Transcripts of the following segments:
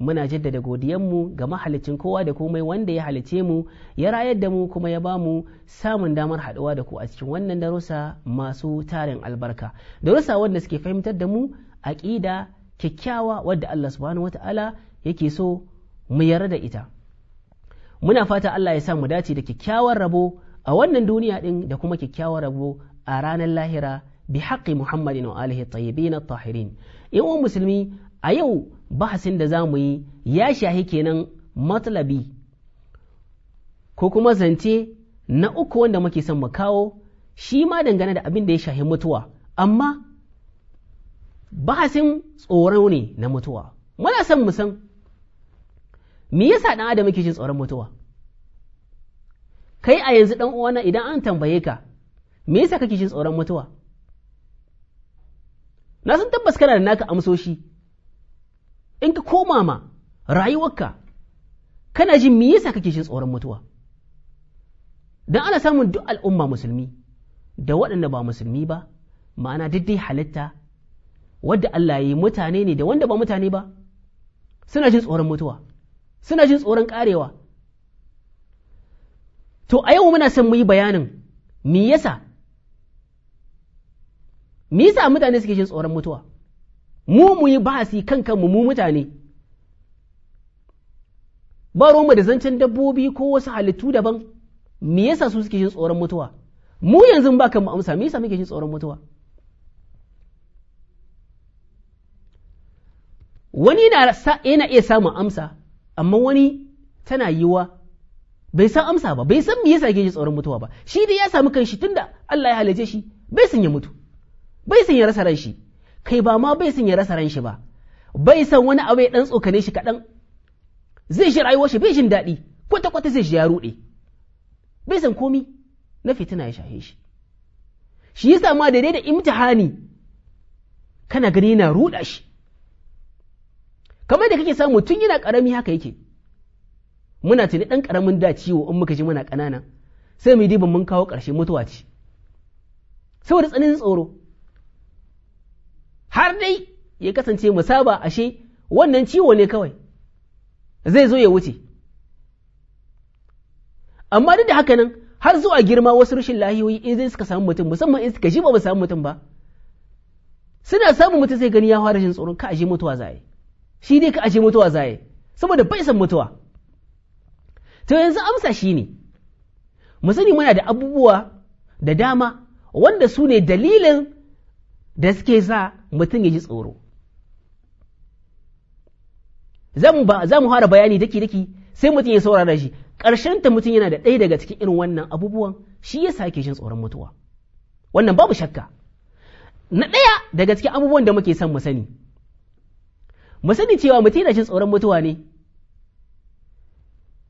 muna jaddada godiyanmu ga mahalicin kowa da komai wanda ya halice mu ya rayar da mu kuma ya bamu samun damar haɗuwa da ku a cikin wannan darussa masu tarin albarka darussa wanda suke fahimtar da mu aƙida kyakkyawa wadda Allah subhanahu wata'ala yake so mu yarda da ita muna fata Allah ya sa mu dace da kyakkyawar rabo a wannan duniya din da kuma kyakkyawar rabo a ranar lahira bi haƙƙi muhammadin wa alihi tayyibin at-tahirin in musulmi a yau bahasin da za mu yi ya shahi kenan matsalabi ko kuma zance na uku wanda muke son mu kawo shi ma dangane da abin da ya shahi mutuwa amma bahasin tsoro ne na mutuwa muna son mu san me yasa dan adam yake jin tsoron mutuwa kai a yanzu dan uwana idan an tambaye ka me yasa kake jin tsoron mutuwa na san tabbas kana da naka amsoshi in ka koma ma rayuwarka kana jin me yasa kake jin tsoron mutuwa dan ana samun duk al'umma musulmi da waɗanda ba musulmi ba ma'ana daidai halitta wadda Allah ya yi mutane ne da wanda ba mutane ba suna jin tsoron mutuwa suna jin tsoron karewa to a yau muna son mu yi bayanin me yasa me yasa mutane suke jin tsoron mutuwa mu mu yi ba'asi kan kanmu mu mutane ba mu da zancen dabbobi ko wasu halittu daban me yasa su suke jin tsoron mutuwa mu yanzu ba kan mu amsa me yasa muke jin tsoron mutuwa wani na yana iya samun amsa amma wani tana yiwa bai san amsa ba bai san me yasa yake jin tsoron mutuwa ba shi dai ya samu kanshi tunda Allah ya halice shi bai san ya mutu bai san ya rasa ran shi kai ba ma bai son ya rasa ran shi ba bai san wani abu ya dan tsokane shi kaɗan zai shi rayuwar shi bai jin daɗi kwata kwata zai shi ya ruɗe bai son komi na fitina ya shahe shi shi yasa ma daidai da imtihani kana gani yana ruɗa shi kamar da kake samu tun yana ƙarami haka yake muna tuni ɗan ƙaramin da ciwo in muka ji muna ƙanana sai mu yi diban mun kawo ƙarshe mutuwa ce saboda tsananin tsoro har dai ya kasance musaba ashe wannan ciwo ne kawai zai zo ya wuce amma duk da haka nan har zuwa girma wasu rashin lahiyoyi in zai suka samu mutum musamman in suka ji ba samu mutum ba suna samun mutum sai gani ya fara jin tsoron ka aje mutuwa zaye shi dai ka aje mutuwa zaye saboda bai san mutuwa to yanzu amsa shi ne mu sani muna da abubuwa da dama wanda su ne dalilin da suke sa mutum ya ji tsoro za mu fara bayani daki-daki sai mutum ya saurara shi ta mutum yana da ɗaya daga cikin irin wannan abubuwan shi ya sake jin tsoron mutuwa wannan babu shakka na ɗaya daga cikin abubuwan da muke son mu sani mu sani cewa mutum yana jin tsoron mutuwa ne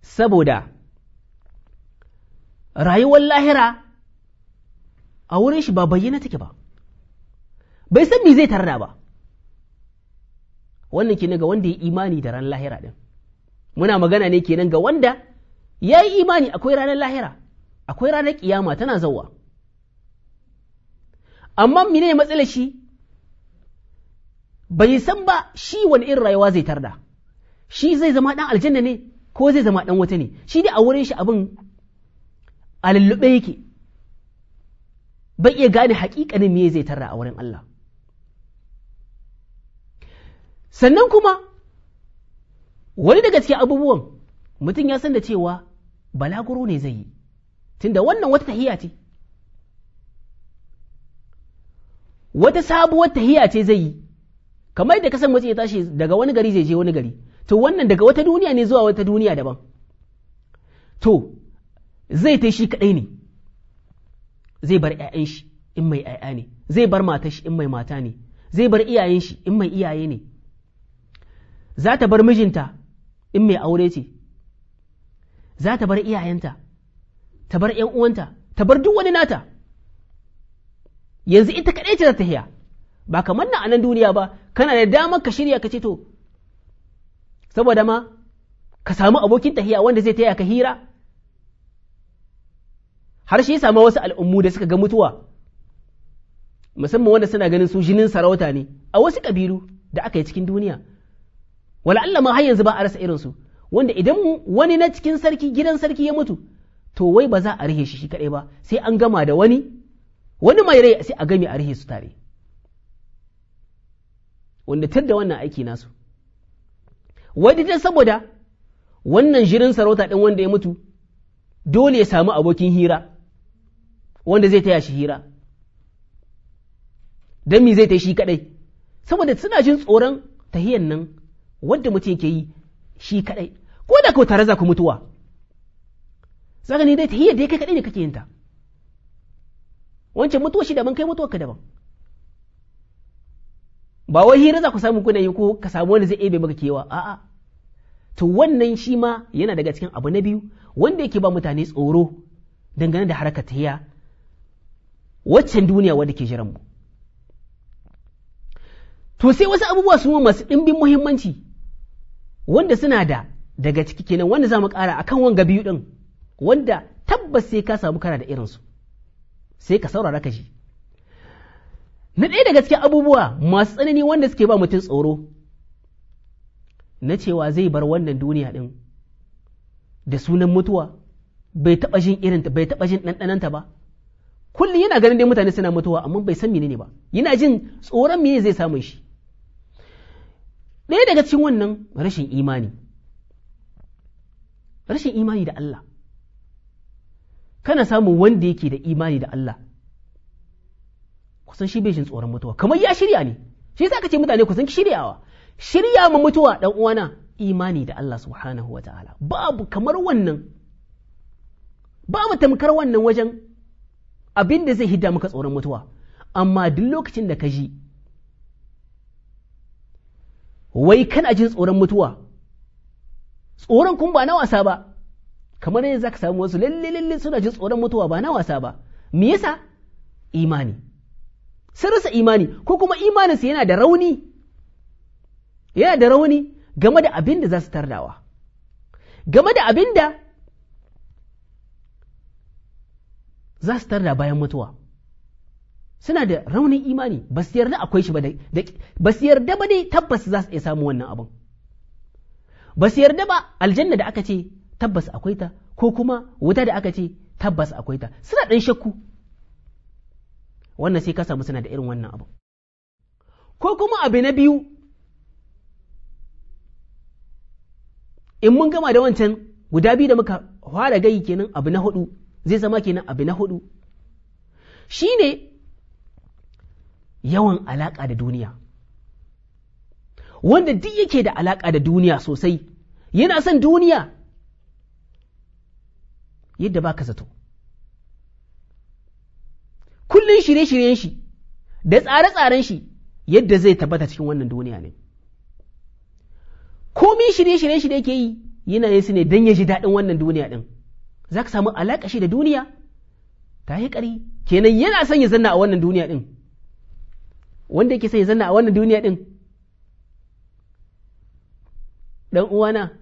saboda rayuwar lahira a wurin shi ba bayyana take ba bai san me zai tarda ba wannan kenan ga wanda ya imani da ran lahira din muna magana ne kenan ga wanda ya yi imani akwai ranar lahira akwai ranar kiyama tana zauwa amma mene matsala shi bai san ba shi wani irin rayuwa zai tarda shi zai zama dan aljanna ne ko zai zama dan wata ne shi dai a wurin shi abin a lullube yake bai iya gane hakikanin me zai tarda a wurin Allah sannan kuma wani daga cikin abubuwan mutum ya san da cewa balaguro ne zai yi tunda wannan wata tahiya ce wata sabuwar tahiya ce zai yi kamar yadda kasan mutum ya tashi daga wani gari zai je wani gari to wannan daga wata duniya ne zuwa wata duniya daban to zai ta shi kaɗai ne zai bar 'ya'yan shi in mai 'ya'ya ne zai bar matar shi in mai mata ne zai bar iyayen shi in mai iyaye ne za ta bar mijinta in mai aure ce za ta bar iyayenta ta bar ‘yan uwanta ta bar duk wani nata yanzu ita kaɗai ce za ta hiya ba kamar na anan duniya ba kana da damar ka shirya ka ce to saboda ma ka samu abokin tahiya wanda zai taya ka hira har shi samu wasu al'ummu da suka ga mutuwa musamman wanda suna ganin su jinin sarauta ne a wasu ƙabilu da aka yi cikin duniya wala Allah ma har yanzu ba a rasa irin su wanda idan wani na cikin sarki gidan sarki ya mutu to wai ba za a rihe shi shi kadai ba sai an gama da wani wani mai rai sai a gami a rihe su tare wanda da wannan aiki nasu wai dai saboda wannan jirin sarauta ɗin wanda ya mutu dole ya samu abokin hira wanda zai taya shi hira don me zai ta shi kaɗai. saboda suna jin tsoron tahiyan nan wanda mutum ke yi shi kadai ko da ka tare za ku mutuwa zaka ne dai tahiyar da kai kadai ne kake yin ta wancan mutuwa shi daban kai mutuwa ka daban ba wai hira za ku samu kuna yi ko ka samu wani zai ebe maka kewa a'a to wannan shi ma yana daga cikin abu na biyu wanda yake ba mutane tsoro dangane da harkar tahiya waccan duniya wadda ke jiran mu to sai wasu abubuwa su masu ɗimbin muhimmanci wanda suna da daga ciki kenan wanda za mu ƙara akan wanga biyu ɗin wanda tabbas sai ka samu kana da irinsu sai ka saurara ka ji na ɗaya daga cikin abubuwa masu tsanani wanda suke ba mutum tsoro na cewa zai bar wannan duniya din da sunan mutuwa bai taɓa jin irinta bai taɓa jin ɗanɗananta ba kullum yana ganin dai mutane suna mutuwa amma bai san menene ba yana jin tsoron me zai samu shi ɗaya daga cikin wannan rashin imani rashin imani da Allah kana samun wanda yake da imani da Allah kusan shi bai tsoron mutuwa kamar ya shirya ne shi yasa ka ce mutane kusan shiryawa shirya ma mutuwa dan uwana imani da Allah subhanahu wa ta'ala babu kamar wannan babu tamkar wannan wajen abin da zai hidda maka tsoron mutuwa amma duk lokacin da ka ji wai kana jin tsoron mutuwa tsoron kun ba na wasa ba kamar yadda zaka samu wasu lalle lalle suna jin tsoron mutuwa ba na wasa ba me yasa imani sun rasa imani ko kuma imaninsu yana da rauni yana da rauni game da abin da za su tardawa game da abin da za su tarda bayan mutuwa suna da raunin imani ba su yarda akwai shi ba ne su yarda ba ne tabbas za su iya samu wannan abin ba su yarda ba aljanna da aka ce tabbas akwai ta ko kuma wuta da aka ce tabbas akwai ta suna ɗan shakku wannan sai ka samu suna da irin wannan abu ko kuma abu na biyu in mun gama da wancan guda biyu da muka fara gai kenan abu na hudu zai zama kenan abu na hudu shine yawan alaƙa da duniya wanda duk yake da alaƙa da duniya sosai yana son duniya yadda ba ka zato kullum shirye-shiryen shi da tsare-tsaren shi yadda zai tabbata cikin wannan duniya ne komi shirye-shiryen shi da yake yi yana yin su ne don ya ji daɗin wannan duniya ɗin za ka samu alaƙa shi da duniya ta yi ƙari kenan yana son ya zanna a wannan duniya ɗin wanda yake sai zanna a wannan duniya din dan uwana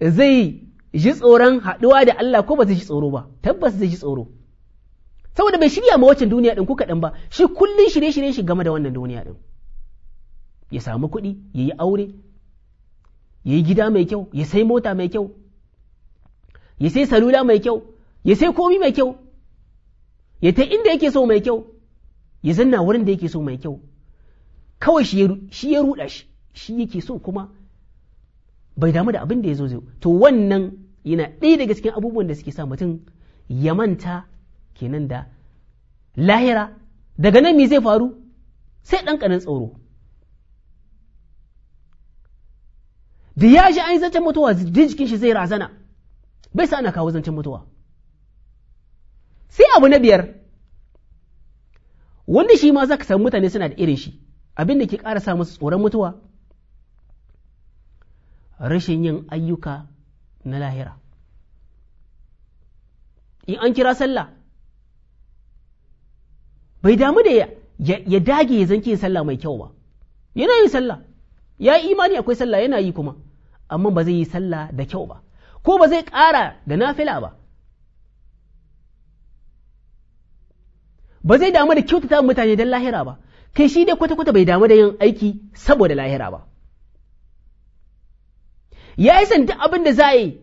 zai ji tsoron haɗuwa da Allah ko ba zai ji tsoro ba tabbas zai ji tsoro saboda bai shirya ma waccan duniya din kuka dan ba shi kullum shirye shirye shi game da wannan duniya din ya samu kuɗi ya yi aure ya yi gida mai kyau ya sai mota mai kyau ya sai salula mai kyau ya sai komi mai kyau ya ta inda yake so mai kyau ya zanna wurin da yake so mai kyau kawai shi ya ruɗa shi shi yake so kuma bai damu da abin da ya zo zai to wannan yana ɗaya daga cikin abubuwan da suke sa mutum ya manta kenan da lahira daga nan me zai faru sai ɗan ƙanin tsoro da ya shi an yi zancen mutuwa duk jikin shi zai razana bai sa ana kawo zancen mutuwa sai abu na biyar wanda shi ma za ka samu mutane suna da irin shi abin da ke ƙara sa musu tsoron mutuwa rashin yin ayyuka na lahira in an kira sallah bai damu da ya dage ya zanke sallah mai kyau ba yana yin sallah ya yi imani akwai sallah yana yi kuma amma ba zai yi sallah da kyau ba ko ba zai ƙara da nafila ba ba zai damu da kyautata mutane don lahira ba kai shi dai kwata-kwata bai damu da yin aiki saboda lahira ba ya yi sanda abin da za a yi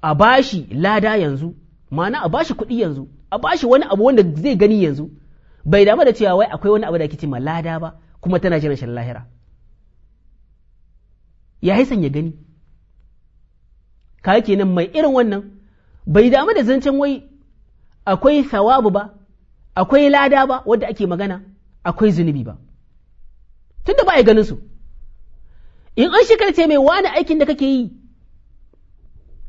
a bashi lada yanzu ma'ana a bashi kuɗi yanzu a bashi wani abu wanda zai gani yanzu bai damu da cewa wai akwai wani abu da ake ma lada ba kuma tana jiran shan lahira ya yi sanya gani ka kenan mai irin wannan bai damu da zancen wai akwai thawabu ba akwai lada ba wadda ake magana akwai zunubi ba tunda ba a ganin su in an ce mai wani aikin da kake yi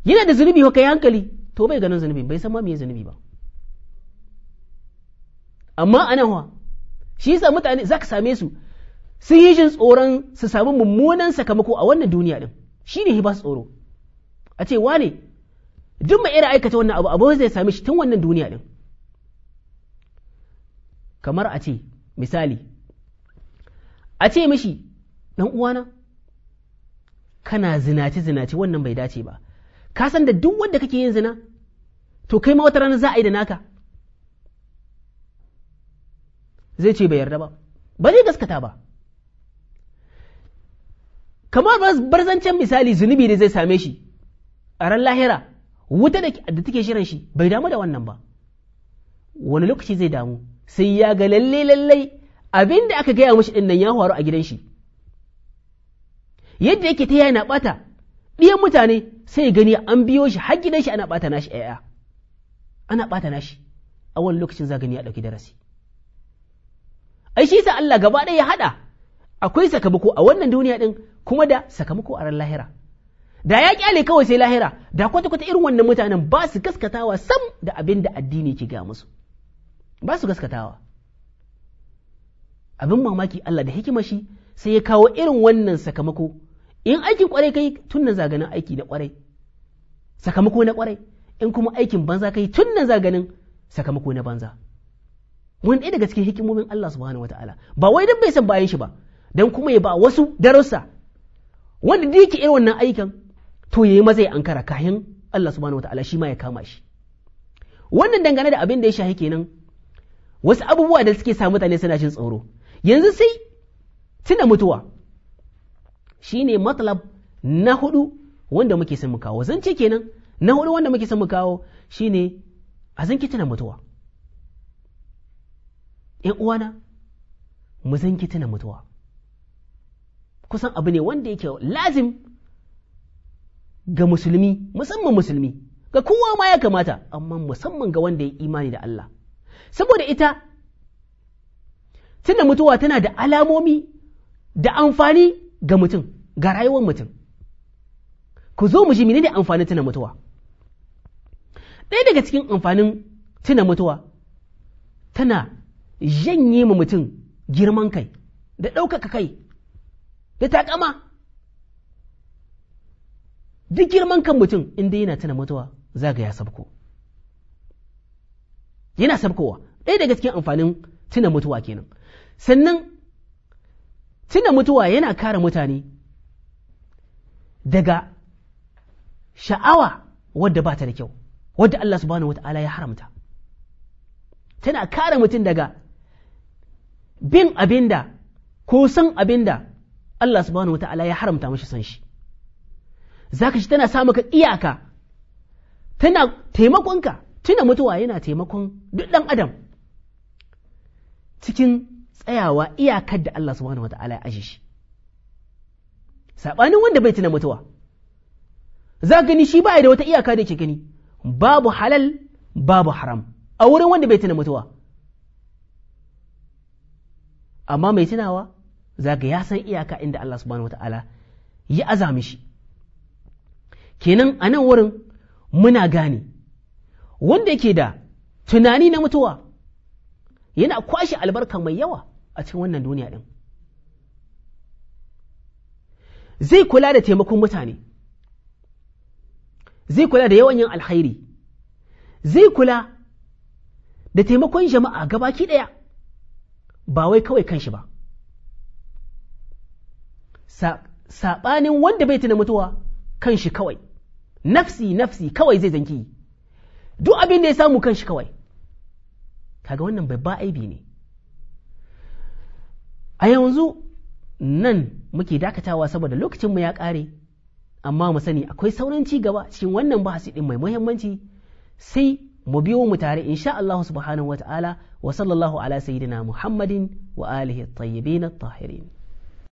yana da zunubi ka yi hankali to bai ganin zunubi bai san ma me zunubi ba amma ana hawa shi yasa mutane zaka same su sun yi jin tsoron su samu mummunan sakamako a wannan duniya din shi ne ba su tsoro a ce wane duk mai irin aikata wannan abu abu zai sami shi tun wannan duniya din kamar a ce misali a ce mishi dan uwana kana zinace zinace wannan bai dace ba ka san da duk wanda kake yin zina to kai ma wata rana za a yi da naka zai ce bai yarda ba ba zai gaskata ba kamar zancen misali zunubi da zai same shi a ran lahira wuta da take shirin shi bai damu da wannan ba wani lokaci zai damu sai ya ga lalle lalle abin da aka gaya mashi dinnan ya faru a gidan shi yadda yake ta yana bata ɗiyan mutane sai ya gani an biyo shi har gidan shi ana bata nashi ƴaƴa ana bata nashi a wani lokacin za gani ya ɗauki darasi ai shi sa Allah gaba ɗaya ya haɗa akwai sakamako a wannan duniya ɗin kuma da sakamako a ran lahira da ya kyale kawai sai lahira da kwata-kwata irin wannan mutanen ba su gaskatawa sam da abin da addini ke ga musu ba su gaskatawa abin mamaki Allah da hikima shi sai ya kawo irin wannan sakamako in aikin kwarai kai tun nan zaganin aiki na kwarai sakamako na kwarai in kuma aikin banza kai tun nan zaganin sakamako na banza wani ɗaya daga cikin hikimomin Allah subhanahu wataala ba wai dan bai san bayan shi ba dan kuma ya ba wasu darussa wanda da yake irin wannan aikin to yayi maza ya ankara kahin Allah subhanahu wataala shi ma ya kama shi wannan dangane da abin da ya shahi kenan wasu abubuwa da suke sa mutane suna jin tsoro yanzu sai tuna mutuwa shine matlab na hudu wanda muke son mu kawo zance kenan na hudu wanda muke son mu kawo shine a zanki tuna mutuwa ‘yan uwana, mu zanki tuna mutuwa, kusan abu ne wanda yake lazim ga musulmi musamman musulmi ga kowa ma ya kamata amma musamman ga wanda ya imani da Allah saboda ita tunda mutuwa tana da alamomi da amfani ga mutum ga rayuwar mutum ku zo mu ji ne amfanin tuna mutuwa ɗaya daga cikin amfanin tuna mutuwa tana janye ma mutum girman kai da ɗaukaka kai da takama duk girman kan mutum inda yana tana mutuwa za ga ya sabko yana sabkowa ɗaya daga cikin amfanin tuna mutuwa kenan sannan tuna mutuwa yana kare mutane daga sha'awa wadda ba ta da kyau wadda Allah subhanahu wata'ala ya haramta tana kare mutum daga bin abinda ko san abinda Allah subhanahu wata'ala ya haramta mashi san shi za ka shi tana sa maka iyaka tana taimakonka tuna mutuwa yana taimakon duk ɗan adam cikin tsayawa iyakar da Allah subhanahu wa ta'ala ya ashe shi saɓanin wanda bai tuna mutuwa za gani shi ba da wata iyaka da ke gani babu halal babu haram a wurin wanda bai tuna mutuwa amma mai tunawa za ga ya san iyaka inda Allah subhanahu wa ta'ala ya azami shi kenan a nan wurin muna gane wanda yake da tunani na mutuwa yana kwashe albarka mai yawa a cikin wannan duniya ɗin zai kula da taimakon mutane zai kula da yawan yin alkhairi zai kula da taimakon jama'a gabaki ɗaya ba wai kawai kanshi ba saɓanin wanda bai tuna mutuwa kanshi kawai nafsi nafsi kawai zai zanki duk abin da ya samu kanshi kawai kaga wannan babba aibi ne a yanzu nan muke dakatawa saboda lokacinmu ya ƙare amma mu sani akwai sauran ci gaba cikin wannan bahasi din mai muhimmanci sai mu biyo mu tare insha Allah subhanahu wa ta'ala wa sallallahu ala sayyidina Muhammadin wa alihi at-tayyibin at-tahirin